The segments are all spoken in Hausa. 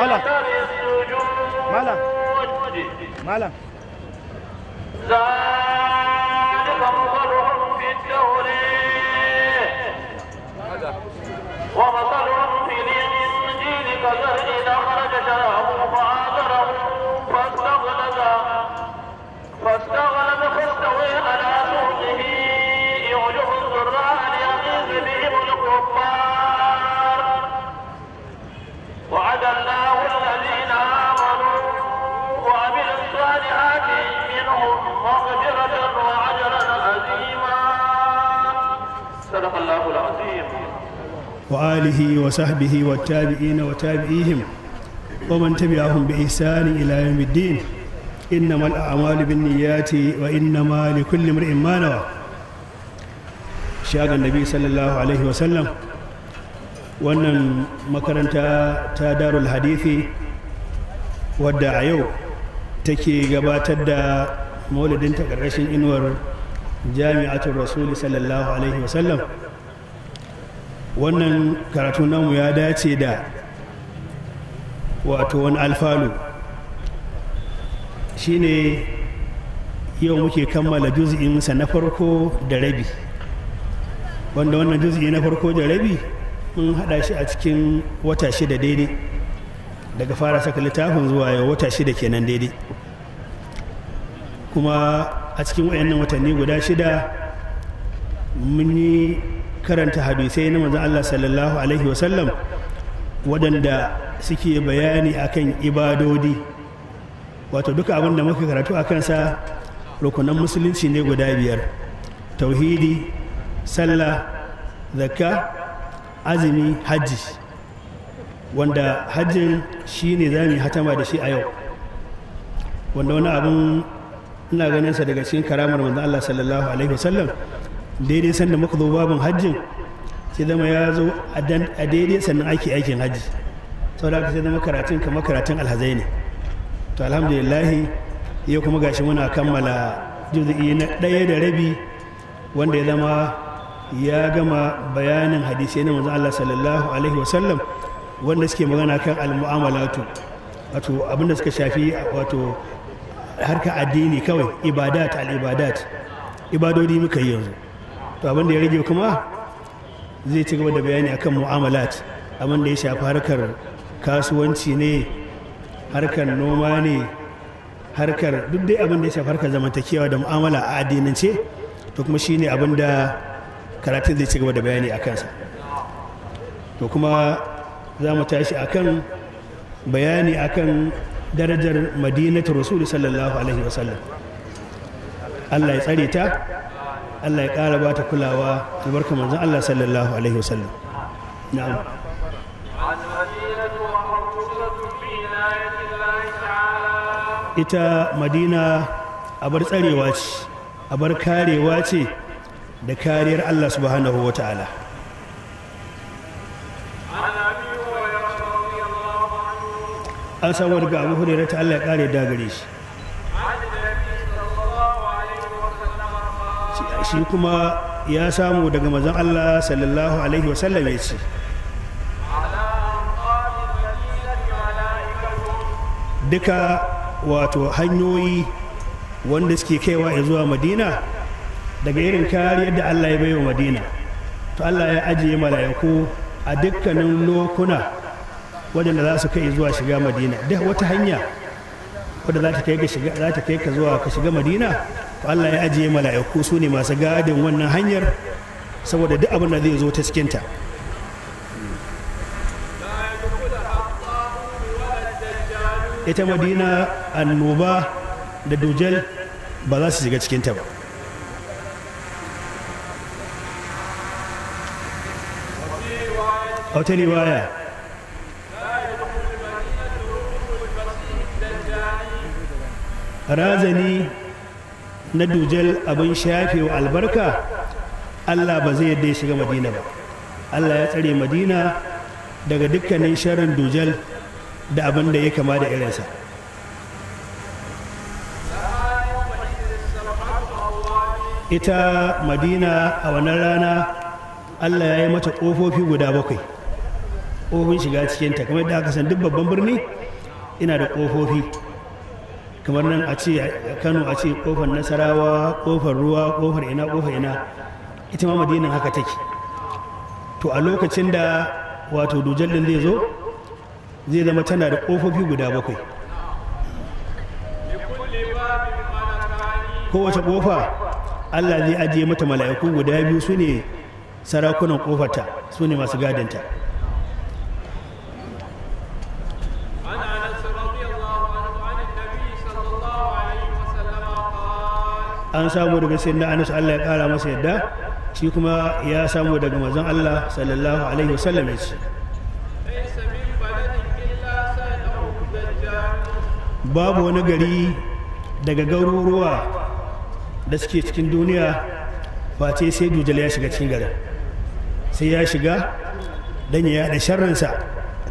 ماله ماله ماله ذلك مثلهم في التوريه ومثلهم في الانجيل كزهر اخرج شرابه فاثره فاستغلظ فاستغلظ وعد الله الذين آمنوا وعملوا الصالحات منهم عظيما صدق الله العظيم وآله وصحبه والتابعين وتابعيهم ومن تبعهم بإحسان إلى يوم الدين إنما الأعمال بالنيات وإنما لكل امرئ ما نوى شاق النبي صلى الله عليه وسلم wannan makaranta ta darul hadithi wadda a yau take gabatar da maulidinta ƙarƙashin inuwar jami'atun rasuli sallallahu alaihi wasallam wannan karatu namu ya dace da wato wani alfalu shine yau muke kammala juz'insa na farko da rabi wanda wannan juz'i na farko da rabi mun haɗa shi a cikin wata shida daidai daga fara saka littafin zuwa yau wata shida kenan daidai kuma a cikin wayannan watanni guda shida mun yi karanta hadisai na manzon Allah sallallahu alaihi wasallam waɗanda suke bayani akan ibadodi wato duka abin da muka karatu a kansa rukunan musulunci ne guda biyar tauhidi sallah zakka azumi hajji wanda hajjin shi ne za mu yi hatama da shi a yau wanda wani abin ina ganin sa daga cikin karamar manzon Allah sallallahu alaihi wasallam daidai sanda muka zo babin hajjin sai zama ya zo a daidai sannan ake aikin hajji saboda haka sai zama karatun kamar karatun alhazai ne to alhamdulillah yau kuma gashi muna kammala juzu'i na ɗaya da rabi wanda ya zama ya gama bayanin hadisai na manzon Allah sallallahu alaihi wasallam wanda suke magana kan almu'amalatu wato abinda suka shafi wato harka addini kawai ibadat al-ibadat ibadodi muka yi yanzu to abinda ya rage kuma zai ci gaba da bayani akan mu'amalat abinda ya shafi harkar kasuwanci ne harkar noma ne harkar duk dai abinda ya shafi harkar zamantakewa da mu'amala a addinance to kuma shine abinda karatun zai ci gaba da bayani a kansa to kuma za mu tashi a kan bayani a kan darajar madinatu rasulu sallallahu alaihi wasallam allah ya tsare ta allah ya kara ba ta kulawa albarka manzon allah sallallahu alaihi wasallam na'am ita madina abar tsarewa ce abar karewa ce da kariyar Allah subhanahu wa ta'ala an samu daga abu hurairar ta Allah ya kare da gare shi shi kuma ya samu daga mazan Allah sallallahu alaihi wasallam ya ce duka wato hanyoyi wanda suke kaiwa ya zuwa madina daga irin kariyar da Allah ya bai wa Madina to Allah ya ajiye mala'iku a dukkanin lokuna waɗanda za su kai zuwa shiga Madina duk wata hanya wadda za ta kai ka shiga za ta kai ka zuwa ka shiga Madina to Allah ya ajiye malayaku su ne masu gadin wannan hanyar saboda duk abin da zai zo ta cikinta ita Madina annoba da dujal ba za su shiga cikinta ba a wata riwaya razani na dujal abin shafewa albarka allah ba zai yadda ya shiga madina ba allah ya tsare madina daga dukkanin sharin dujal da abin da ya kama da irinsa ita madina a wannan rana allah ya yi mata ƙofofi guda bakwai ƙofin shiga cikin ta kamar yadda aka san duk babban birni ina da kofofi kamar nan a ce kano a ce ƙofar nasarawa ƙofar ruwa ƙofar ina ƙofar ina ita ma madinan haka take to a lokacin da wato din zai zo zai zama tana da kofofi guda bakwai kowace ƙofa allah zai ajiye mata mala'iku guda biyu su ne sarakunan ƙofarta su ne masu gadanta an samu daga sayyidina anas Allah ya kara masa yadda shi kuma ya samu daga manzon Allah sallallahu alaihi wasallam ya babu wani gari daga garuruwa da suke cikin duniya face sai dujal ya shiga cikin garin sai ya shiga dan ya da sharrinsa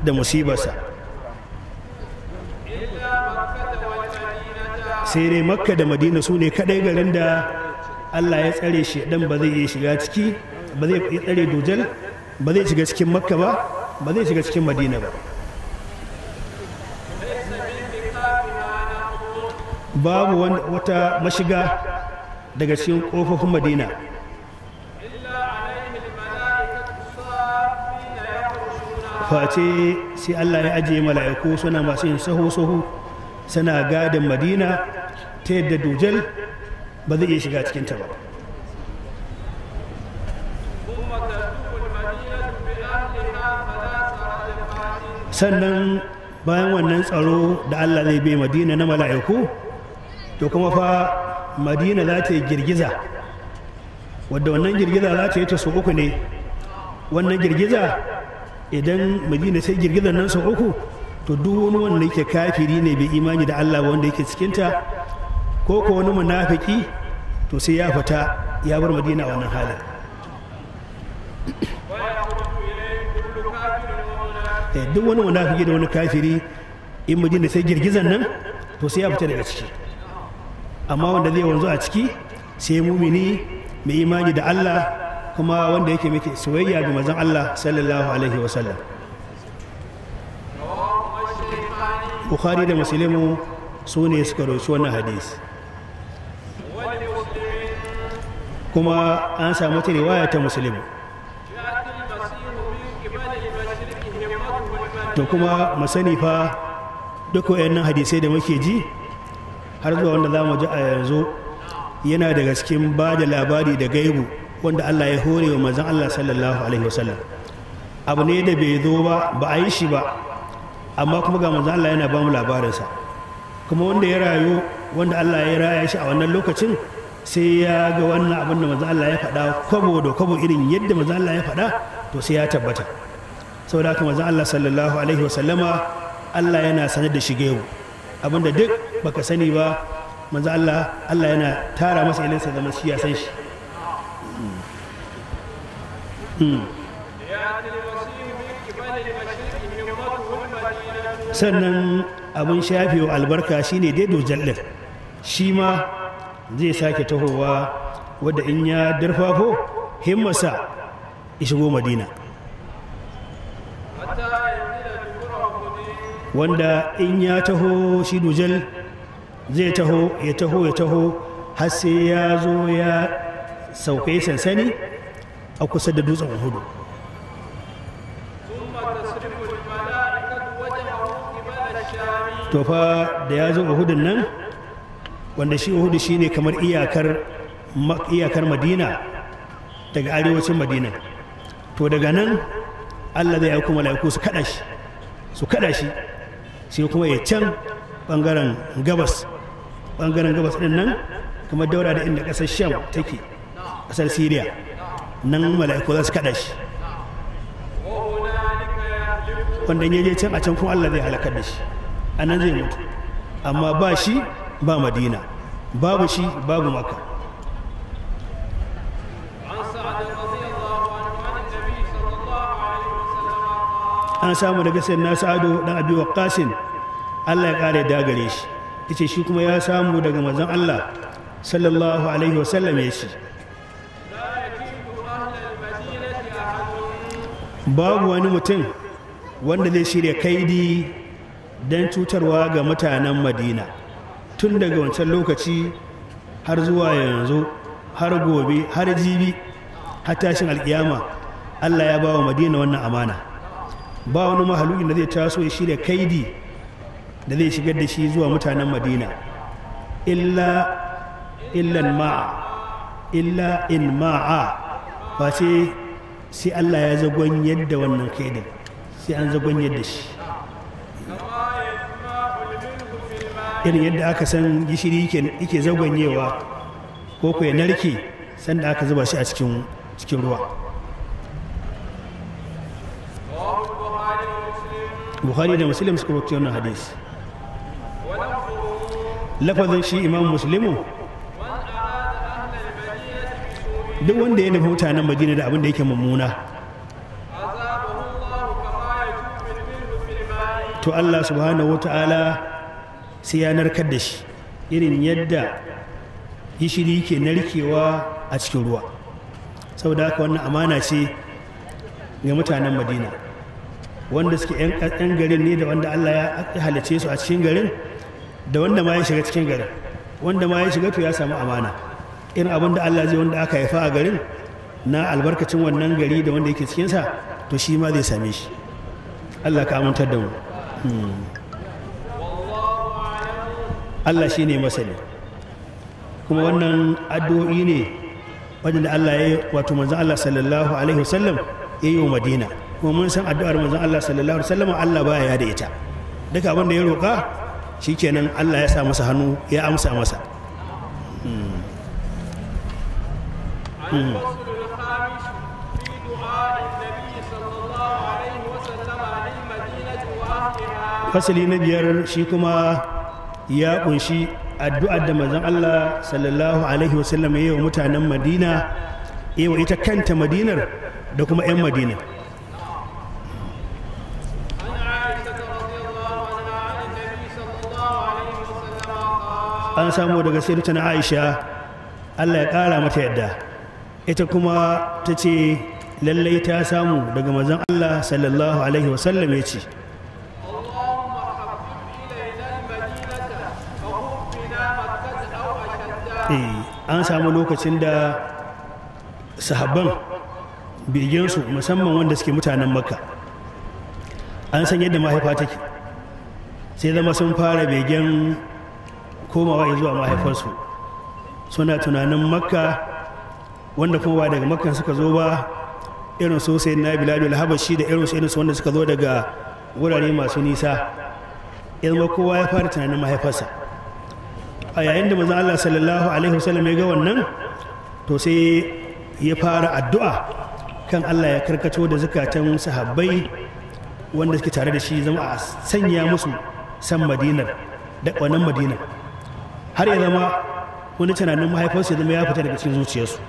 da musibarsa sai dai makka da madina su ne kadai garin da allah ya tsare shi dan ba zai iya shiga ciki ba zai iya tsare dujal ba zai shiga cikin makka ba ba zai shiga cikin madina ba babu wata mashiga daga cikin kofofin madina face sai allah ya ajiye mala'iku suna masu yin saho-saho sana gadin madina ta yadda dujal ba zai iya shiga cikinta ba sannan bayan wannan tsaro da allah zai bai madina na mala'iku to kuma fa madina za ta yi girgiza wadda wannan girgiza za ta yi ta sau uku ne wannan girgiza idan madina sai girgizar nan sau uku to duk wani wanda yake kafiri ne bai imani da Allah ba wanda yake cikinta ko ko wani munafiki to sai ya fita ya bar madina wannan halin eh, duk wani munafiki da wani kafiri in madina sai girgizan nan to sai ya fita daga ciki amma wanda zai wanzu a ciki sai mumini mai imani da Allah kuma wanda yake mai soyayya ga manzon Allah sallallahu alaihi wasallam bukhari da muslimu su ne suka roci wannan hadisi kuma an samu ta riwaya ta musulmi to kuma masani fa duk wayannan hadisai da muke ji har zuwa wanda za mu ji a yanzu yana daga cikin ba da labari da gaibu wanda Allah ya hore wa manzon Allah sallallahu alaihi wasallam abu ne da bai zo ba ba a yi shi ba amma kuma ga manzo Allah yana ba mu labarinsa kuma wanda ya rayu wanda Allah ya raya shi a wannan lokacin sai ya ga wannan abin da manzo Allah ya faɗa kwabo da kwabo irin yadda manzo Allah ya faɗa to sai ya tabbata saboda haka manzo Allah sallallahu alaihi wa sallama Allah yana sanar da shige mu abinda duk baka sani ba manzo Allah Allah yana tara masa ilinsa zama shi ya san shi hmm. Hmm. sannan abin shafewa albarka shine dai dojal ɗin shi ma zai sake tahowa wadda in ya darfafo himmasa ishigo shigo madina wanda in ya taho shi dujal zai taho ya taho ya taho har sai ya zo ya sauke sansani a kusa da dutsen hudu Tofa da ya zo uhudun nan wanda shi uhudu ne kamar iyakar iyakar madina daga arewacin madina to daga nan allah zai aiko mala'iku su kada shi su kada shi sai kuma ya can bangaren gabas bangaren gabas din nan kamar daura da inda kasar sham take kasar syria nan mala'iku za su kada shi wanda ya je can a can kuma allah zai halakar da shi a nan zai mutu amma ba shi ba madina babu shi babu maka an samu daga sai na sa'adu dan abi kasin. Allah ya kare da gare shi yace shi kuma ya samu daga manzon Allah sallallahu alaihi wasallam ya shi babu wani mutum wanda zai shirya kaidi don cutarwa ga mutanen madina tun daga wancan lokaci har zuwa yanzu har gobe har jibi har tashin alkiyama allah ya ba wa madina wannan amana ba wani mahaluki da zai taso ya shirya kaidi da zai shigar da shi zuwa mutanen madina illa illan ma'a illa in ma'a ba sai allah ya zagon yadda wannan kaidin sai an zagon yadda shi irin yadda aka san gishiri yake zagonyewa ko ku ya narke sanda aka zuba shi a cikin ruwa buhari da muslim suka rubuta wannan hadis lafazin shi imam muslimu duk wanda ya nufi mutanen madina da abin da yake mummuna to allah subhanahu wa ta'ala sai ya narkar da shi irin yadda gishiri ke narkewa a cikin ruwa saboda haka wannan amana ce ga mutanen madina wanda suke 'yan garin ne da wanda allah ya halice su a cikin garin da wanda ma ya shiga cikin garin wanda ma ya shiga to ya samu amana irin abin da allah zai wanda aka haifa a garin na albarkacin wannan gari da wanda yake cikinsa to shi ma zai same shi allah ka amintar da mu hmm. Allah shi ne masani kuma wannan addu'o'i ne wadanda Allah ya yi wato manzan Allah sallallahu alaihi wasallam ya yi wa Madina kuma mun san addu'ar manzan Allah sallallahu alaihi wasallam Allah ba ya da ita duka abin da ya roƙa shikenan Allah ya sa masa hannu ya amsa masa hmm. Hmm. fasali na biyar shi kuma ya kunshi addu'ar da manzon Allah sallallahu alaihi wasallam ya yi wa mutanen Madina ya wa ita kanta Madinar da kuma 'yan Madina an samu daga ta Aisha Allah ya kara mata yadda ita kuma ta ce lallai ta samu daga manzon Allah sallallahu alaihi wasallam ya ce Eh, an samu lokacin da sahabban begensu musamman wanda suke mutanen makka an san yadda mahaifa take sai zama sun fara begen komawa zuwa mahaifarsu suna tunanin makka wanda kuma ba daga makka suka zo ba irin sosai na bilalul habashi da irin sosai wanda suka zo daga wurare masu nisa ya zama kowa ya fara tunanin mahaifarsa a yayin da manzo Allah sallallahu alaihi wasallam ya ga wannan to sai ya fara addu'a kan Allah ya karkato da zakatan sahabbai wanda suke tare da shi zama a sanya musu san madinar da wannan madinar har ya zama wani tunanin mahaifarsu ya zama ya fita daga cikin zuciyarsu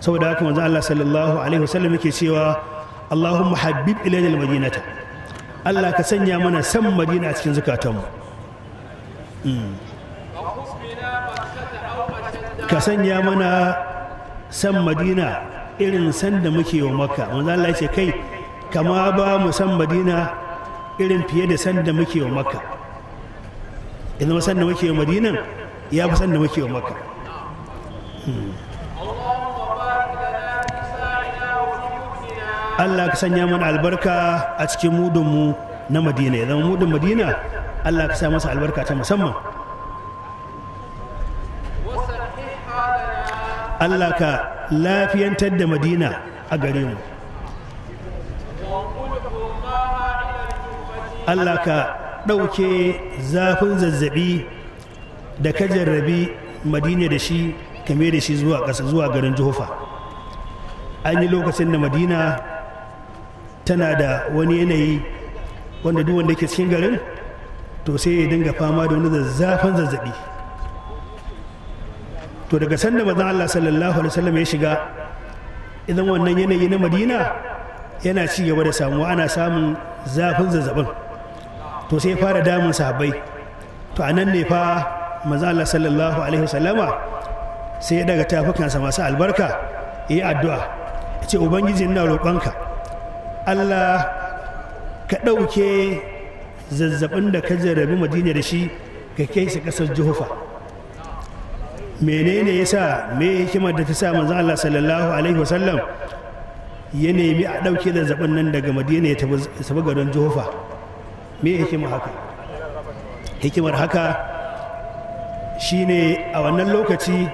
saboda haka manzo Allah sallallahu alaihi wasallam yake cewa Allahumma habib ilayna madinata Allah ka sanya mana san madina a cikin zukatanmu hmm. ka sanya mana san madina irin san da muke wa makka manzo Allah ce kai kama ba mu san madina irin fiye da san da muke wa makka idan san da muke wa madinan ya fi san da muke wa makka Allah ka sanya mana albarka a cikin mudunmu na madina idan mudun madina Allah ka sa masa albarka ta musamman Allah ka lafiyantar da madina a gare mu Allah ka ɗauke zafin zazzabi da ka jarrabi madina da shi kame da shi zuwa ƙasa zuwa garin jihofa an yi lokacin da madina tana da wani yanayi wanda duk wanda ke cikin garin to sai ya dinga fama da wani zazzafin zazzabi to daga sanda manzon Allah sallallahu alaihi wasallam ya shiga idan wannan yanayi na Madina yana ci gaba da samuwa ana samun zafin zazzabin to sai fara damun sahabbai to anan ne fa manzo Allah sallallahu alaihi wasallama sai ya daga sa masu albarka ya yi addu'a yace ce ubangiji ina roƙonka Allah ka ɗauke zazzabin da ka jarabi madina da shi ka kai su ƙasar jihufa menene yasa me hikimar da ta sa manzon Allah sallallahu alaihi wasallam ya nemi a ɗauke da zaɓen nan daga madina ya tafi garin jihofa me hikimar haka hikimar haka shine a wannan lokaci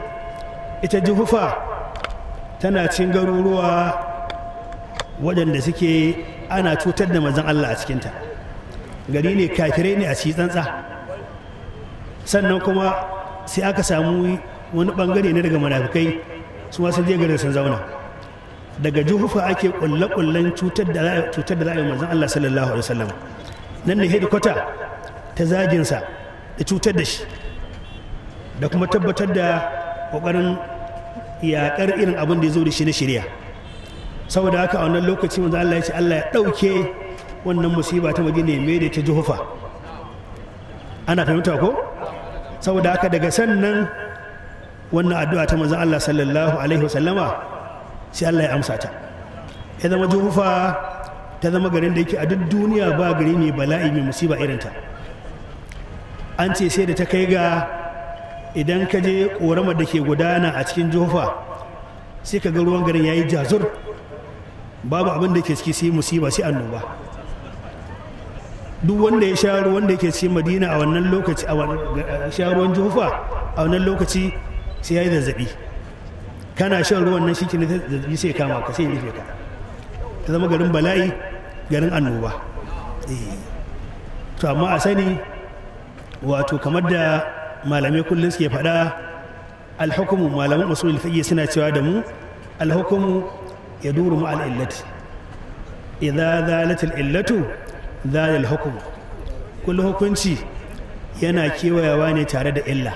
ita jihofa tana cin garuruwa waɗanda suke ana cutar da mazan allah a cikinta gari ne kafirai ne a cikin tsantsa sannan kuma sai aka samu wani bangare ne daga munafikai su ma sun je garin sun zauna daga juhufa ake kulle kullen cutar da cutar da a manzon Allah sallallahu alaihi wasallam nan ne hedikota ta zaginsa da cutar da shi da kuma tabbatar da kokarin yakar irin abin da ya zo da shi na shirya saboda haka a wannan lokaci wanzu Allah ya ce Allah ya dauke wannan musiba ta madina ne mai da ta juhufa ana fahimta ko saboda haka daga sannan wannan addu'a ta manzon Allah sallallahu alaihi wasallama sai Allah ya amsa ta ya zama jurufa ta zama garin da yake a duk duniya ba gari mai bala'i mai musiba irin ta. an ce sai da ta kai ga idan ka je ƙoramar da ke gudana a cikin jufa sai ka ga ruwan garin ya yi jazur babu abin da ke ciki sai musiba sai annoba duk wanda ya sha ruwan da ke cikin madina a wannan lokaci a sha jufa a wannan lokaci sai ya yi zazzabi kana shan ruwan nan shi ne zazzabi sai kama ka sai rufe ka ta zama garin bala'i garin annoba eh. to amma a sani wato kamar da malamai kullum suke faɗa alhukumu malaman usulul fiqh suna cewa da mu alhukumu yaduru ma al-illati idza zalatil illatu zalal hukum kullu hukunci yana kewayawa ne tare da illa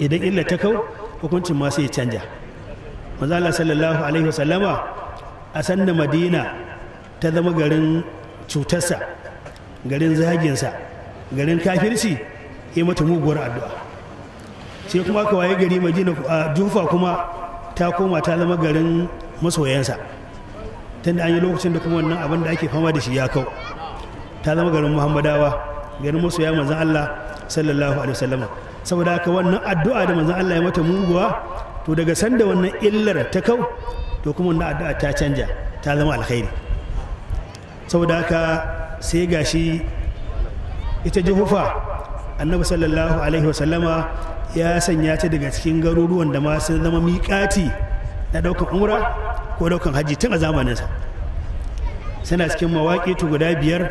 idan illa ta kau hukuncin ma sai ya canja maza Allah sallallahu alaihi wasallama a sanda Madina ta zama garin cutarsa garin zaginsa garin kafirci ya mata muguwar addu'a sai kuma aka waye gari Madina a Jufa kuma ta koma ta zama garin masoyansa tunda an yi lokacin da kuma wannan abin da ake fama da shi ya kau ta zama garin Muhammadawa garin masoya manzon Allah sallallahu alaihi wasallama saboda haka wannan addu'a da manzon Allah ya mata muguwa to daga sanda wannan illar ta kau to kuma wannan addu'a ta canja ta zama alkhairi saboda haka sai gashi ita jihufa annabi sallallahu alaihi wasallama ya sanya ta daga cikin garuruwan da ma sun zama miƙati na ɗaukan umra ko ɗaukar hajji tun a zamaninsa suna cikin mawaƙi guda biyar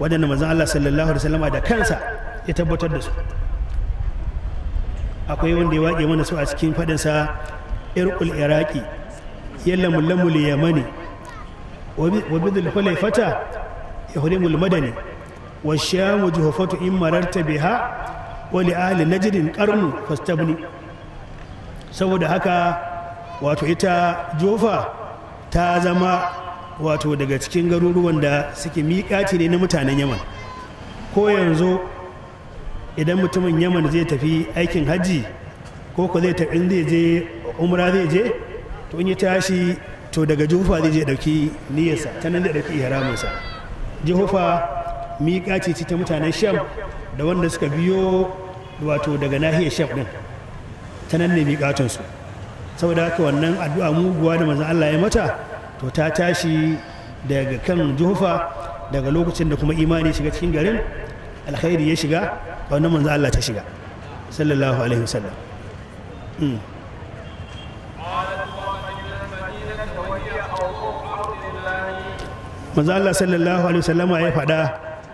waɗanda manzon Allah sallallahu alaihi wasallama da kansa ya tabbatar da su akwai wanda ya waƙe mana su a cikin faɗinsa irkul iraki yalla mullamu li yamani wa bidul hulaifata yahrimul madani wa shamu juhufatu in mararta biha wa li ahli najdin qarnu fastabni saboda haka wato ita jofa ta zama wato daga cikin garuruwan da suke miƙaci ne na mutanen yaman ko yanzu idan mutumin yaman zai tafi aikin hajji ko ko zai tafi zai je umra zai je to in ya tashi to daga jufa zai je dauki niyyarsa ta nan zai dauki ihraminsa jihufa miƙa ce ta mutanen sham da wanda suka biyo wato daga nahiyar sham din ta nan ne miƙatunsu saboda haka wannan addu'a muguwa da manzon Allah ya mata to ta tashi daga kan jihufa daga lokacin da kuma imani shiga cikin garin alkhairi ya shiga wani manzo Allah ta shiga sallallahu alaihi wasallam hmm. manzo Allah sallallahu alaihi wasallama ya faɗa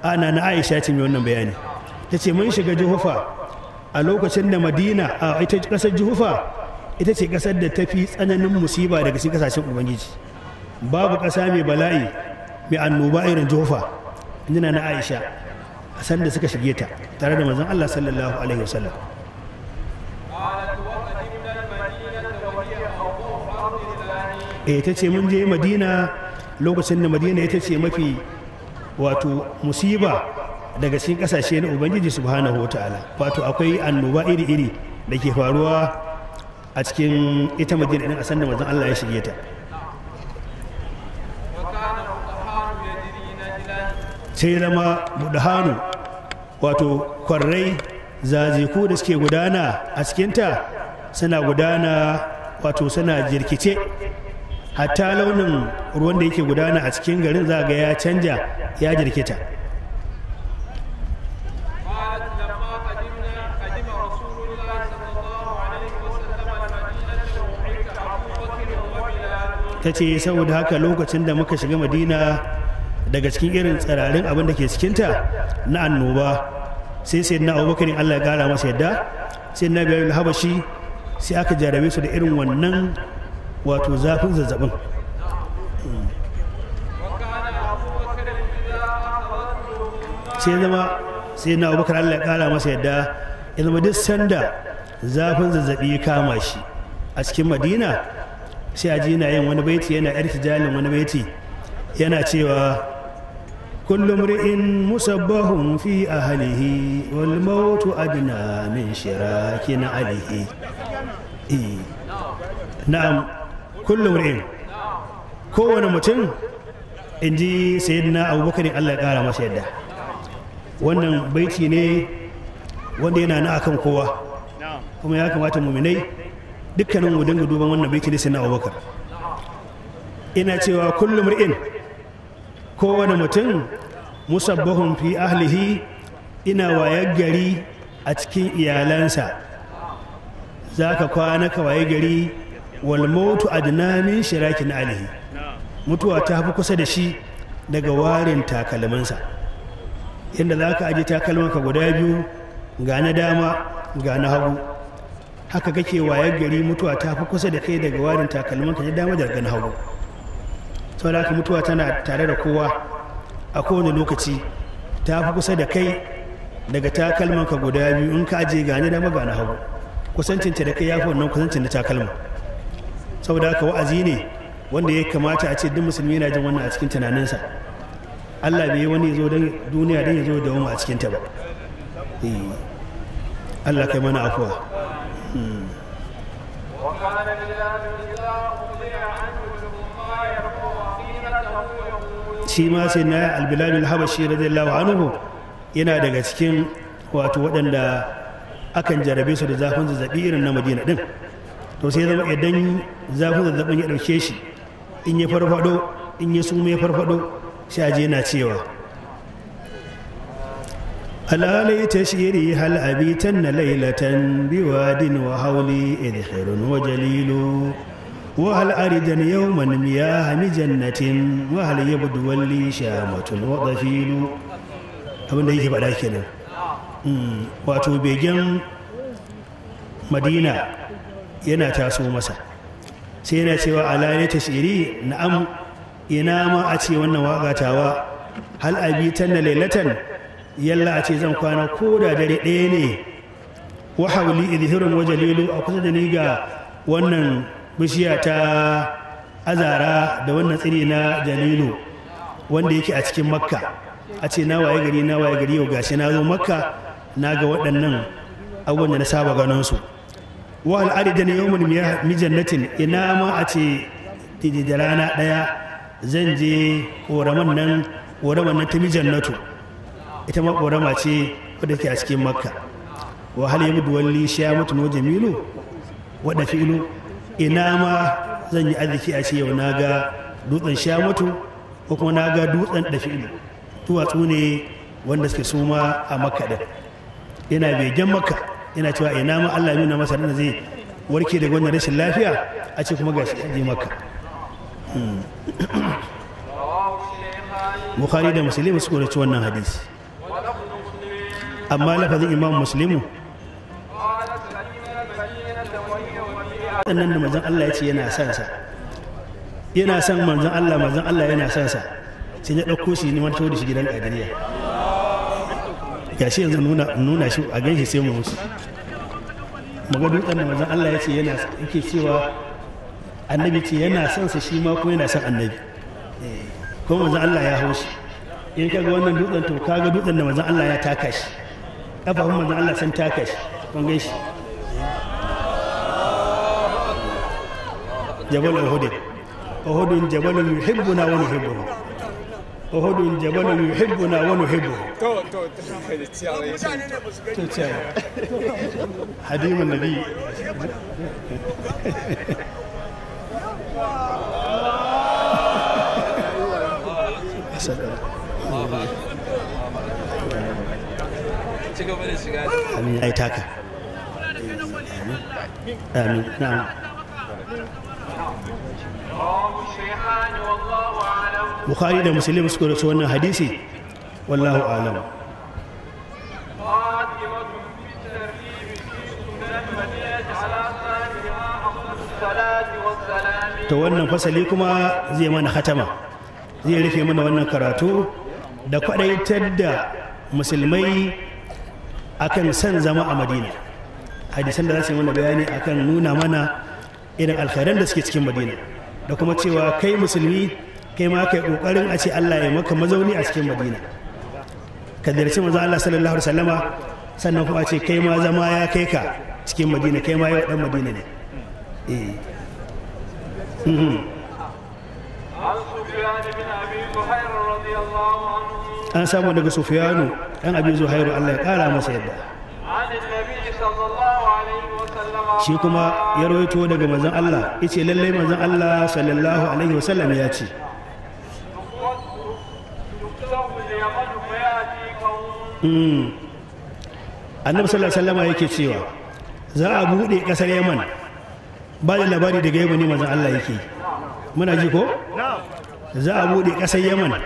ana na Aisha ce mai wannan bayani ta ce mun shiga Juhufa a lokacin da Madina a ita ƙasar Juhufa ita ce ƙasar da ta fi tsananin musiba daga cikin kasashen Ubangiji babu ƙasa mai bala'i mai annoba irin Juhufa injina na Aisha a sanda suka shige ta tare da manzon Allah sallallahu alaihi wasallam eh ta ce mun je madina lokacin da madina ita ce mafi wato musiba daga cikin kasashe na ubangiji subhanahu wata'ala wato akwai annoba iri-iri da ke faruwa a cikin ita madina ɗin a sanda manzon Allah ya shige ta sai zama mudhanu wato kwarrai zaziku da suke gudana a cikinta suna gudana wato suna jirkice hatta launin ruwan da yake gudana a cikin garin za ga ya canja ya jirkita ta ce saboda haka lokacin da muka shiga madina daga cikin irin tsirarin abin da ke cikinta na annoba sai sai na abubakarin allah ya gara masa yadda sai na biyar habashi sai aka jarabe su da irin wannan wato zafin zazzabin sai zama sai na abubakar allah ya gara masa yadda ya zama duk sanda zafin zazzabi ya kama shi a cikin madina sai a ji yana yin wani baiti yana yar tijalin wani baiti yana cewa كل امرئ مسبه في أهله والموت أدنى من شراك عليه إيه. نعم كل امرئ كون متن in ji sayyidina abubakarin allah ya kara masa yadda wannan baiti ne wanda yana na akan kowa kuma ya kamata muminai dukkanin mu dinga duban wannan baiti ne na abubakar ina cewa kullum ri'in kowane mutum musabbahun fi ahlihi ina wayar gari a cikin iyalansa za ka kwana ka waye gari walmautu adnamin shirakin alihi mutuwa ta fi kusa da shi daga warin takalminsa yadda za ka aji takalminka guda biyu ga na dama ga na hagu haka kake wayar gari mutuwa ta fi kusa da kai daga warin takalminka na dama daga na hagu saboda haka mutuwa tana tare da kowa a kowane lokaci ta fi kusa da kai daga takalmanka guda biyu in ka je gane dama gane hagu kusancinta da kai ya fi wannan kusancin da takalma saboda haka wa'azi ne wanda ya kamata a ce duk musulmi yana jin wannan a cikin tunaninsa Allah bai yi wani zo don duniya don ya zo da wani a cikin ta ba eh. Allah kai mana afuwa hmm. shi ma sai na albilalul alhabashi radiyallahu anhu yana daga cikin wato waɗanda akan jarabe su da zafin zazzabi irin na madina din to sai zama idan zafin zazzabin ya ɗauke shi in ya farfado in ya suma ya farfado sai aje yana cewa al'alai ta shiri hal na lailatan biwadin wa hauli idhirun wa jalilu وهل أردني يوما مياه جنة وهل يبدو لي شامة وضفيل abin da yake faɗa kenan wato begen madina yana taso masa sai na cewa alaye ta shiri na'am ina ma a ce wannan waka tawa hal na lailatan yalla a ce zan kwana ko da dare ɗaya ne wa hauli idhirun wa jalilu a kusa da ni ga wannan bishiya ta azara da wannan tsiri na jalilu wanda yake a cikin makka a ce na waye gari na waye gari yau gashi na zo makka na ga waɗannan abubuwan da na saba ganin su wa al'adada ne yawon mijannatin ina ma a ce da rana ɗaya zan je ƙoraman nan ƙoraman nan ta mijannatu ita ma ƙorama ce wadda ke a cikin makka wa hal yamudu walli ya mutu no jamilu wadda fi'lu ina ma zan yi arziki a ce yau na ga dutsen shamatu ko kuma na ga dutsen dafi'u duwatsu ne wanda suke suma a makka din yana begen makka yana cewa ina ma Allah ya nuna masa da zai warke daga wannan rashin lafiya a ce kuma gashi aje makka hmm. bukhari da musulmi su kora wannan hadisi amma lafazin imam muslimu waɗannan da manzon Allah ya ce yana son sa yana son manzon Allah manzon Allah yana son sa sai ya ɗauko shi ne wani da shi gidan ƙadiriya ya shi yanzu nuna shi a shi sai mu musu maga dutsen da manzon Allah ya ce yana yake cewa annabi ce yana son sa shi ma kuma yana son annabi ko manzon Allah ya hau shi in ga wannan dutsen to ga dutsen da manzon Allah ya taka shi kafa manzon Allah sun taka shi kun gan shi jabal uhudin uhudun jabalun yuhibbuna wa nuhibbuhu uhudun jabalun yuhibbuna wa nuhibbuhu to to to nabi Amin. Ai taka. Amin. Na'am. bukhari da musulmi suka rasu wannan hadisi wallahu alam ta wannan fasali kuma zai mana hatama zai rufe mana wannan karatu da kwadaitar da musulmai akan son zama a madina hadisan da za su yi mana bayani akan nuna mana irin alkhairan da suke cikin madina da kuma cewa kai musulmi kai ma kai kokarin a ce Allah ya maka mazauni a cikin madina ka ziyarci manzo Allah sallallahu alaihi wasallama sannan kuma ce kai ma zama ya kai ka cikin madina kai ma yau dan madina ne eh mhm. an samu daga sufiyanu dan abi hairu Allah ya kara masa yadda shi kuma ya rawaito daga manzon Allah yace lallai manzon Allah sallallahu alaihi wasallam ya ce hmm. annabi sallallahu alaihi wasallam yake cewa za a bude kasar Yaman ba da labari daga Yaman ne manzon Allah yake muna ji ko za a bude kasar Yaman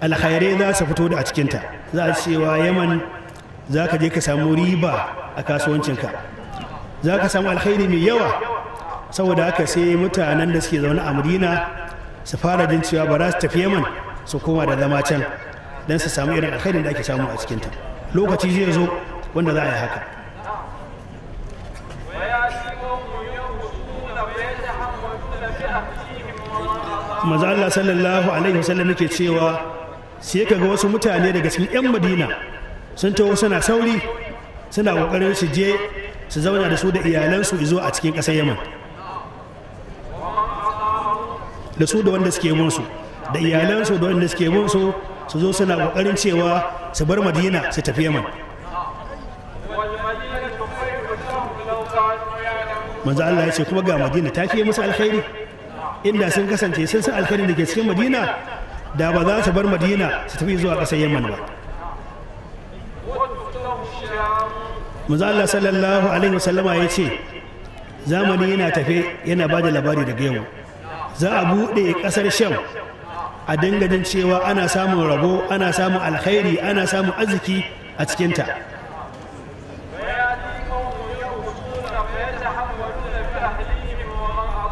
alkhairai za su fito da a cikinta za a cewa Yaman za ka je ka samu riba a kasuwancinka za ka samu alkhairi mai yawa saboda haka sai mutanen da suke zaune a madina su fara jin cewa ba za su tafi yaman su koma da zama can don su samu irin alkhairin da ake samu a cikinta lokaci zai zo wanda za a yi haka maza Allah sallallahu alaihi wasallam yake cewa sai kaga wasu mutane daga cikin 'yan madina sun taho suna sauri suna kokarin su je su zauna da su da iyalansu zuwa a cikin ƙasar yaman da su da wanda suke bin su da iyalansu da wanda suke bin su su zo suna ƙoƙarin cewa su bar madina su tafi yaman manzo Allah ya ce kuma ga madina ta fiye musu alkhairi inda sun kasance sun san alkhairin da ke cikin madina da ba za su bar madina su tafi zuwa ƙasar yaman ba manzo Allah sallallahu alaihi wasallama ya ce zamani yana tafe yana ba da labari daga yau za a buɗe ƙasar sham a dangadin cewa ana samun rabo ana samun alkhairi ana samun arziki a cikinta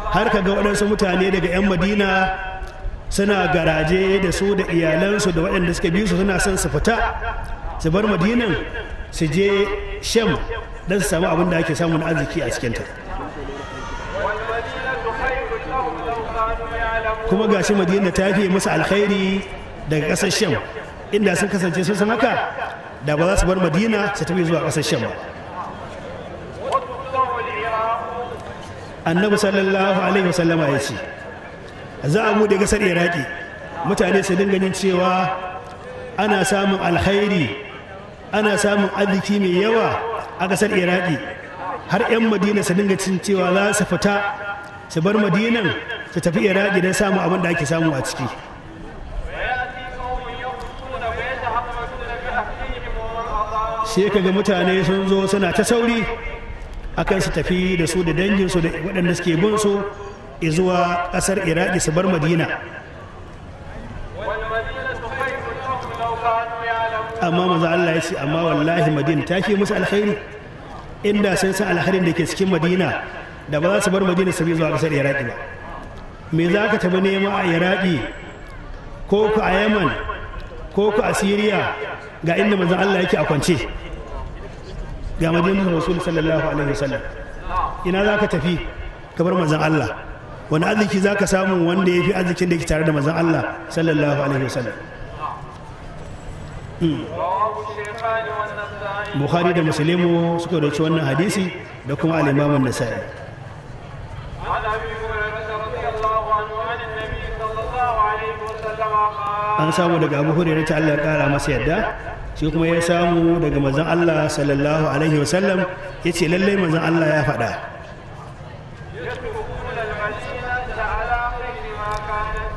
har ka ga waɗansu mutane daga 'yan madina suna garaje da su da iyalansu da waɗanda suka biyu su suna son su fita su bar madinan su je sham don su samu abin da ake samun arziki a cikinta kuma gashi madina ta fiye musu alkhairi daga ƙasar shem inda sun kasance sun haka da ba za su bar madina su tafi zuwa ƙasar shem ba annabi sallallahu alaihi wasallama ya ce za a buɗe ƙasar iraki mutane su dinga cewa ana samun alkhairi ana samun arziki mai yawa a ƙasar iraki har 'yan madina su dinga cin cewa za su fita su bar madinan su tafi iraki don samun abin da ake samu a ciki sai ka ga mutane sun zo suna ta sauri akan su tafi da su da danginsu da waɗanda suke bin su zuwa ƙasar iraki su bar madina amma maza Allah ya ce amma wallahi madina ta fi musu alkhairi inda sun san alkhairin da ke cikin madina da ba za su bar madina su bi zuwa kasar iraki ba me za ka taɓa nema a iraki ko ku a yaman ko ku a siriya ga inda maza Allah yake a kwance ga madina rasul sallallahu alaihi wasallam ina za ka tafi ka bar manzon Allah wani arziki za ka samu wanda ya fi arzikin da ke tare da manzon Allah sallallahu alaihi wasallam bukhari da musulmi suka dauki wannan hadisi da kuma alimamin nasa'i an samu daga abu hurairar ta allah kara masa yadda shi kuma ya samu daga mazan allah sallallahu alaihi wasallam ya ce lallai mazan allah ya faɗa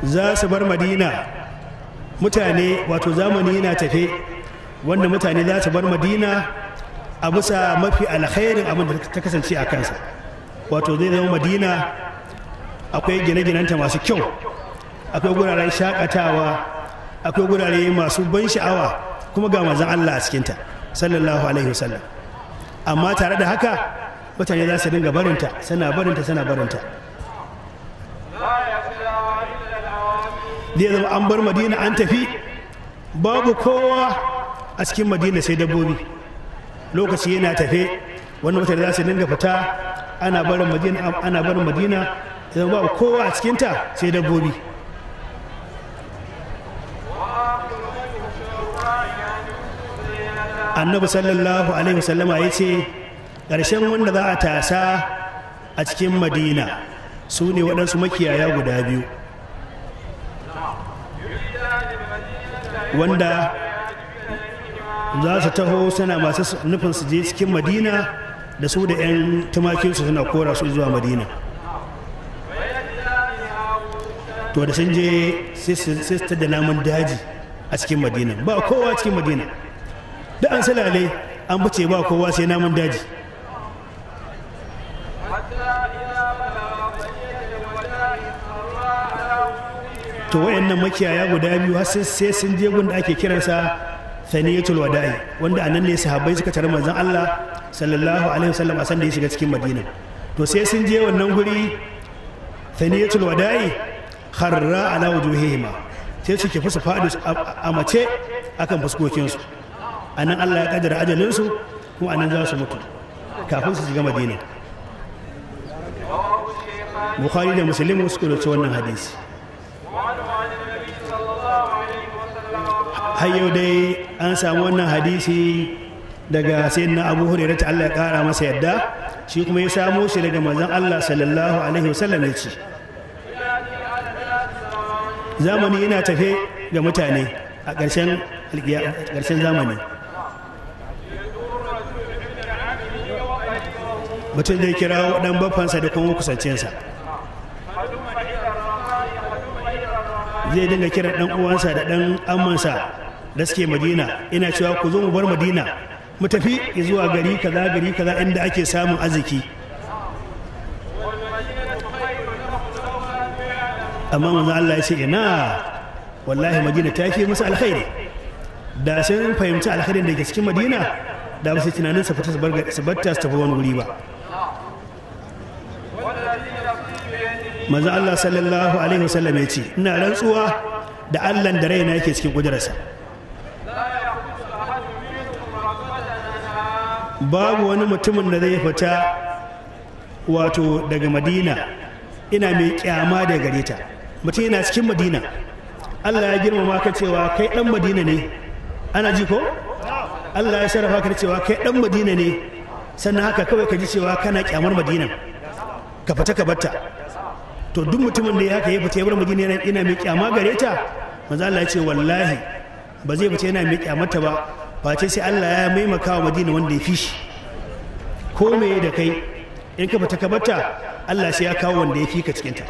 za su bar madina mutane wato zamani yana tafe wanda mutane za su bar madina a bisa mafi alkhairin abin da ta kasance a kansa wato zai zama madina akwai gine-ginenta masu kyau akwai guraren shakatawa akwai gurare masu ban sha'awa kuma ga mazan Allah a cikinta sallallahu alaihi wasallam amma tare da haka mutane za su dinga barinta sana barinta sana barinta zai zama an bar madina an tafi babu kowa a cikin madina sai dabbobi lokaci yana tafe wani mutane za su dinga fita ana barin madina ana barin madina zama babu kowa a cikinta sai dabbobi annabi sallallahu alaihi wasallama ya ce ƙarshen wanda za a tasa a cikin madina su ne waɗansu makiyaya guda biyu wanda za su taho suna masu nufin su je cikin madina da su da 'yan tumakinsu suna kora su zuwa madina to da sun je sai da namun daji a cikin madina ba kowa cikin madina da an salale an bace ba kowa sai namun daji to wayannan makiyaya guda biyu har sai sun je gun da ake kiransa thaniyatul wada'i wanda anan ne sahabbai suka tare manzon Allah sallallahu alaihi wasallam a san da ya shiga cikin Madina to sai sun je wannan guri thaniyatul wada'i kharra ala wujuhihima sai su ke su fadu a mace akan fuskokin su anan Allah ya kaddara ajalin su kuma anan za su mutu kafin su shiga Madina Bukhari da Muslim suka rawaito wannan hadisi har yau dai an samu wannan hadisi daga sayyidina abu hurairah ta Allah ya kara masa yadda shi kuma ya samo shi daga manzon Allah sallallahu alaihi wasallam ya ci. zamani yana tafe ga mutane a ƙarshen zamani mutum zai kira dan baffansa da kuma kusancinsa zai dinga kira ɗan uwansa da ɗan amansa da madina ina cewa ku zo mu bar madina mu tafi zuwa gari kaza gari kaza inda ake samun arziki amma manzo Allah ya ce ina wallahi madina ta fi musu alkhairi da sun fahimci alkhairin da ke cikin madina da ba su tunanin su fita su batta su tafi wani wuri ba manzo Allah sallallahu alaihi wasallam ya ce ina rantsuwa da Allah da raina yake cikin kudurarsa babu wani mutumin da zai fita wato daga madina ina mai kyama da gare ta mutum yana cikin madina allah ya girmama ka cewa kai dan madina ne ana ji ko allah ya sharafa ka cewa kai dan madina ne sannan haka kawai ka ji cewa kana kyamar madina ka fita ka batta to duk mutumin da ya haka ya fita ya bar madina yana mai kyama gare ta manzo ya ce wallahi ba zai fita yana mai kyamata ba ce sai Allah ya maimaka wa madina wanda ya fi shi ko me da kai in ka bata kabata Allah sai ya kawo wanda ya fi ka cikinta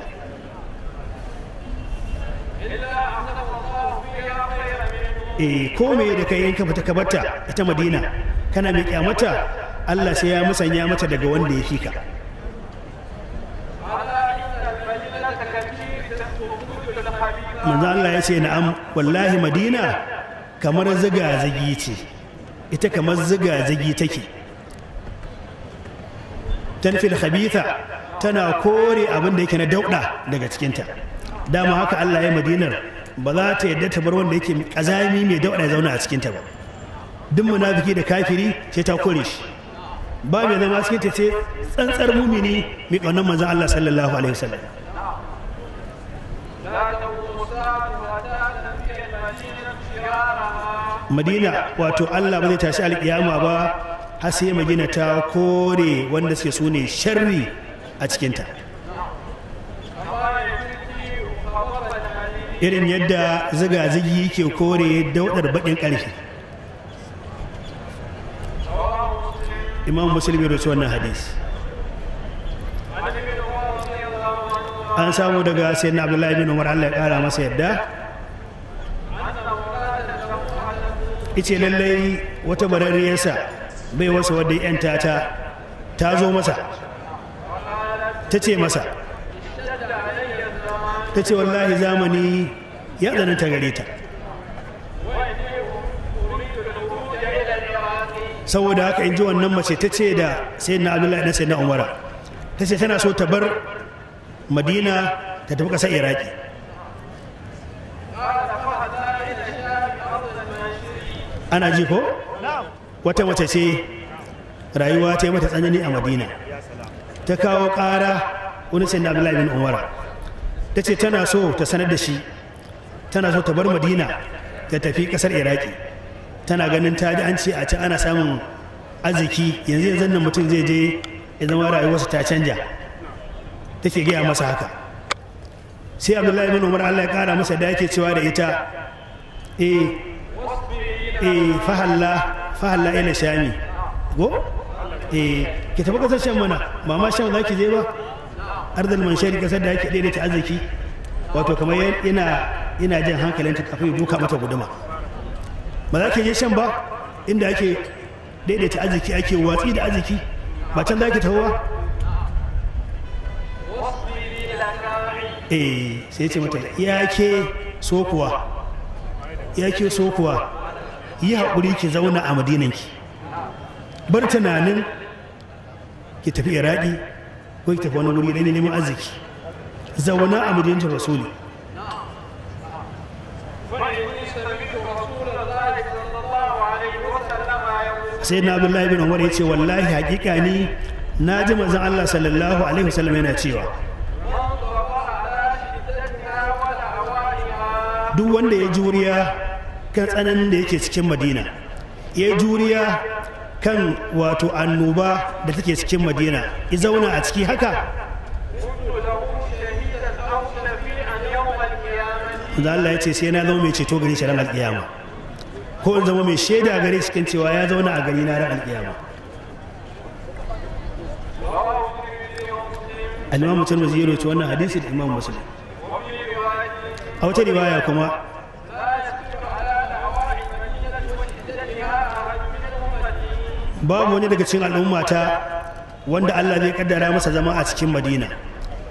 e ko me da kai in ka bata kabata ita madina kana mai kyamata Allah sai ya musanya mata daga wanda ya fi ka manzo Allah ya ce na'am wallahi madina kamar ziga ce ita kamar ziga take tanfil khabitha tana kore abin da yake na dauda daga cikinta dama haka Allah ya madinar ba za ta yadda ta bar wanda yake kazami mai dauda ya zauna a cikinta ba duk munafiki da kafiri sai ta kore shi ba mai zama cikin ta sai tsantsar mumini mai kaunar manzon Allah sallallahu alaihi wasallam madina wato allah ba zai tashi alkiyama ba har sai madina ta kore wanda suke sune sharri a cikinta irin yadda zigazigi ke kore daudar bakin ƙarfi imam muslim ya rasu wannan hadis. an samu daga na abdullahi bin umar allah ya kara masa yadda ice lallai wata bararriyarsa bai wasu wadda yanta ta ta zo masa ta ce masa ta ce wallahi zamani ya tsananta gare ta saboda haka in ji wannan mace ta ce da sai na abdullahi da sai na umara ta ce tana so ta bar madina ta tafi ƙasar iraki ana ji ko wata mace ce rayuwa ta yi mata tsanani a madina ta kawo kara wani sai na abdullahi bin umar ta ce tana so ta sanar da shi tana so ta bar madina ta tafi kasar iraki tana ganin ta ji an ce a can ana samun arziki yanzu yanzu nan mutum zai je ya zama rayuwarsa ta canja ke gaya masa haka sai abdullahi bin umar allah ya kara masa da yake cewa da ita eh Eh, fahalla fahalla ila shami go eh ke tafi kasar shan mana ba ma shan za ki je ba man shari kasar da yake daidaita arziki wato kamar yana ina jan hankalinta kafin ya duka mata guduma ba za ki je shan ba inda ake daidaita arziki ake watsi da arziki ba can za ki taho ba eh sai ce mata ya ke so kuwa ya ke so kuwa yi haƙuri ki zauna a madinanki bar tunanin ki tafi iraki ko ki tafi wani wuri na neman arziki zauna a madinancin rasuli sai na abdullahi bin umar ya ce wallahi hakika ne na ji mazan allah sallallahu alaihi wasallam yana cewa duk wanda ya juriya kan tsananin da yake cikin madina ya juriya kan wato annoba da take cikin madina ya zauna a ciki haka da Allah ya ce sai na zama mai ceto gare shi ran alƙiyama ko in zama mai shaida gare shi kan cewa ya zauna a gari na ran alƙiyama al-Imam Tirmidhi ya rawaito wannan hadisi da Imam Muslim a wata riwaya kuma babu wani daga cikin al'umma ta wanda Allah zai kaddara masa zama a cikin Madina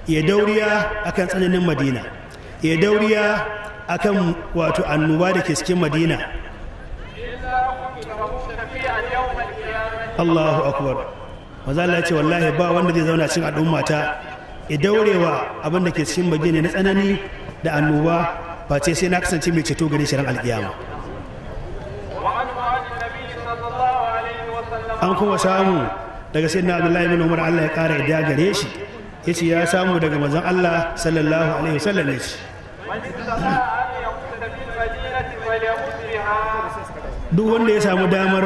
ya dauriya akan tsananin Madina ya dauriya akan wato annuba da ke cikin Madina Allahu akbar maza Allah ce wallahi ba wanda zai zauna cikin al'ummata ya daurewa abin da ke cikin Madina na tsanani da annuba ba ce sai na kasance mai ceto gare shirin alkiyama an kuma samu daga sayyidina abdullahi bin umar Allah ya kara yadda gare shi ya yace ya samu daga mazan Allah sallallahu alaihi wasallam yace duk wanda ya samu damar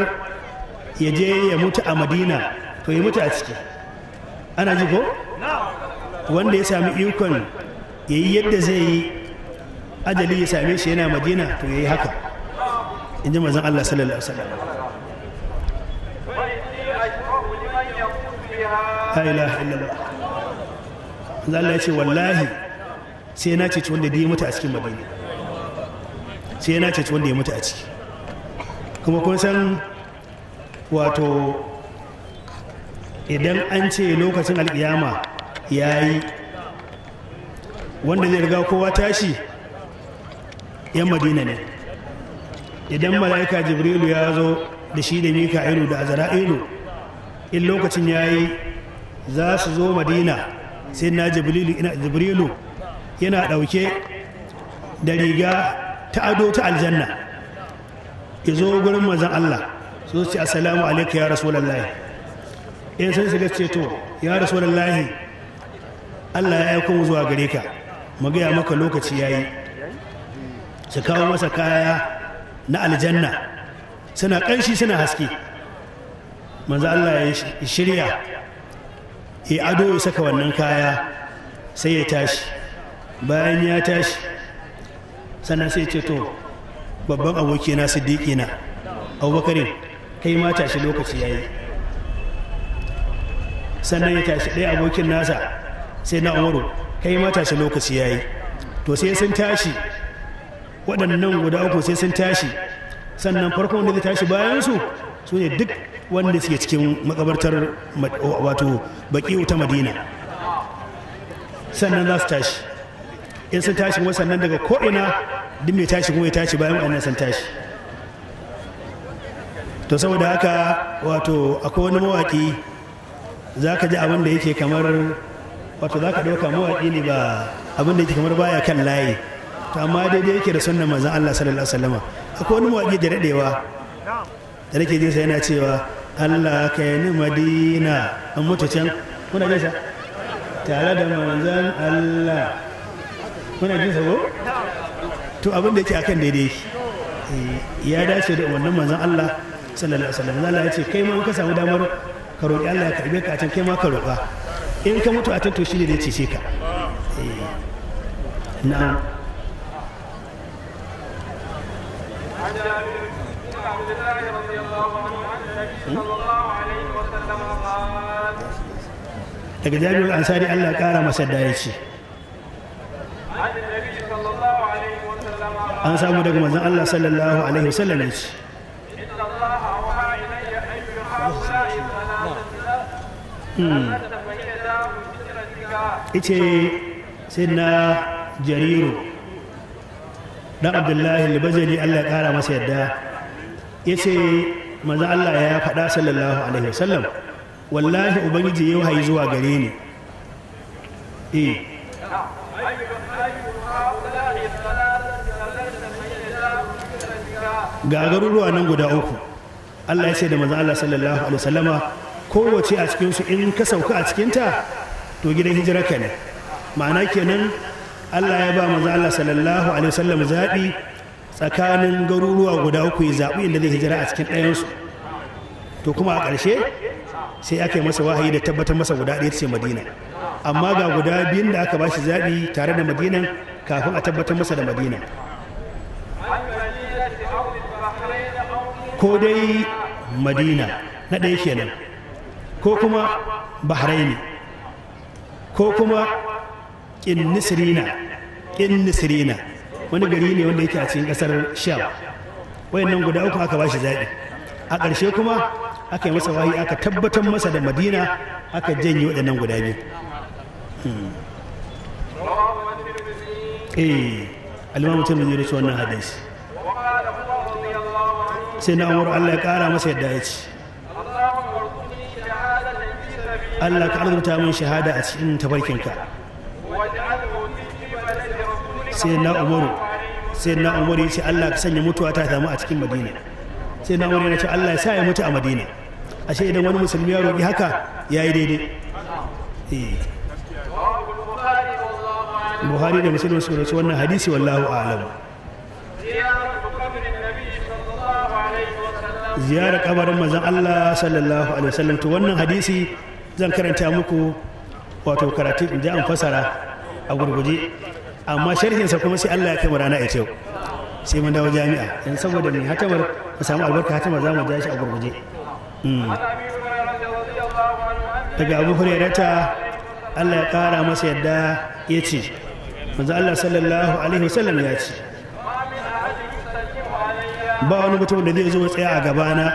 ya je ya mutu a madina to ya mutu a ciki ana ji ko wanda ya sami ikon ya yi yadda zai yi ajali ya same shi yana madina to ya yi haka in ji mazan allah sallallahu alaihi wasallam la ilaha illallah manzo Allah ya ce wallahi sai na ce wanda ya mutu a cikin madina sai na ce wanda ya mutu a ciki kuma kun san wato idan an ce lokacin alkiyama ya yi wanda zai riga kowa tashi yan madina ne idan mala'ika jibrilu ya zo da shi da mika da azara azara'ilu in lokacin ya yi za su zo madina sai na jibrilu yana ɗauke da riga ta ado ta aljanna ya zo gurin manzan Allah su ce assalamu alaikum ya rasulullahi in sun shiga ce to ya Allah ya aiko zuwa gare ka mu gaya maka lokaci yayi su kawo masa kaya na aljanna suna ƙanshi suna haske manzo Allah ya shirya ya ado ya saka wannan kaya sai ya tashi bayan ya tashi sannan sai ce to babban abokina siddiƙina abubakarin kai ma tashi lokaci ya yi sannan ya tashi ɗaya abokin nasa sai na umaru kai ma tashi lokaci ya yi to sai sun tashi waɗannan guda uku sai sun tashi sannan farkon da zai tashi bayan su su ne duk wanda suke cikin makabartar wato baki ta madina sannan za su tashi in sun tashi kuma sannan daga ko'ina duk mai tashi kuma ya tashi bayan wa'annan sun tashi to saboda haka wato akwai wani mawaƙi za ka ji abin da yake kamar wato za ka ɗauka mawaƙi ne ba abin da yake kamar baya kan layi to amma daidai yake da sunan manzon Allah sallallahu alaihi wasallam akwai wani mawaƙi da daɗewa da nake jinsa yana cewa Allah ka yi ni madina an mutu can kuna sa tare da manzan Allah kuna sa ko to abin da yake akan daidai eh, ya dace da wannan manzan Allah sallallahu alaihi wasallam Allah ya ce kai ma ka samu damar ka roƙi Allah ya karbe ka a can kai ma ka roƙa in ka mutu a can ne da ya ce ka eh, na'am daga jami'ar ansari Allah kara masa da ya ce an samu daga manzon Allah sallallahu alaihi wasallam ya ce hmm. sai na jariru dan abdullahi albazali Allah kara masa yadda ya ce manzo Allah ya faɗa sallallahu alaihi wasallam wallahi ubangiji ya wahayi zuwa gare ni eh ga garuruwa nan guda uku Allah ya ce da manzo Allah sallallahu alaihi wasallama kowace a cikin su in ka sauka a cikin ta to gidan hijira ne ma'ana kenan Allah ya ba manzo Allah sallallahu alaihi wasallam zaɓi. tsakanin garuruwa guda uku ya zaɓi inda zai hijira a cikin ɗayansu to kuma a ƙarshe sai aka yi masa wahayi da tabbatar masa guda ɗaya ce madina amma ga guda biyun da aka ba shi zaɓi tare da madinan kafin a tabbatar masa da madina ko dai madina na ɗaya kenan ko kuma bahraini ko kuma ƙin nisirina ƙin nisirina wani gari ne wanda yake a cikin kasar sham wayannan guda uku aka shi zaɓi a ƙarshe kuma aka yi masa wahayi aka tabbatar masa da madina aka janye waɗannan guda biyu hmm. eh ya wannan hadisi sai na umar Allah ya ƙara masa yadda ya ci Allah ka arzuta min shahada a cikin tafarkinka sai na umaru sai na umaru ya ce allah ka sanya mutuwa ta samu a cikin madina sai na umaru ya ce allah ya sa ya mutu a madina ashe idan wani musulmi ya roƙi haka ya yi daidai eh. buhari da musulmi sun rasu wannan hadisi wallahu alam ziyarar kabarin manzon allah sallallahu alaihi wasallam to wannan hadisi zan karanta muku wato karatu in ji an fasara a gurguje amma sharhinsa kuma sai Allah ya kai rana a yau sai mun dawo jami'a dan saboda ni hatamar mu samu albarka hatamar zamu mu ja shi a gurguje hmm. daga Abu ta Allah ya kara masa yadda ya ce manzo Allah sallallahu alaihi wasallam ya ce ba wani mutum da zai zo tsaya a gabana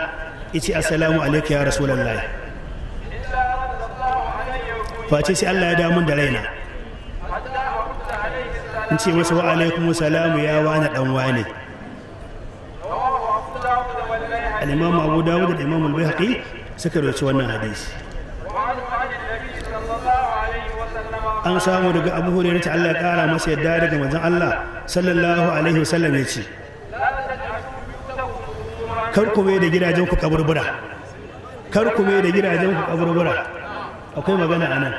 na. ce assalamu alayka ya rasulullahi face sai Allah ya damun da raina in ce masa wa salamu ya wani dan wane al abu dawud da imamu al-bayhaqi suka rawaito wannan hadisi an samu daga abu hurairah ta Allah ya kara masa yadda daga manzon Allah sallallahu alaihi wasallam ya ce kar ku mai da gidajen ku kaburbura kar ku mai da gidajen ku kaburbura akwai magana anan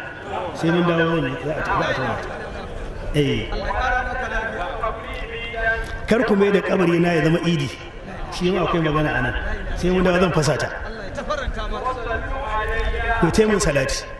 sai mun dawo ne za a tauna eh kar ku mai da kabari na ya zama idi shi ma akwai magana anan sai mun dawo zan fasata ku taimun salati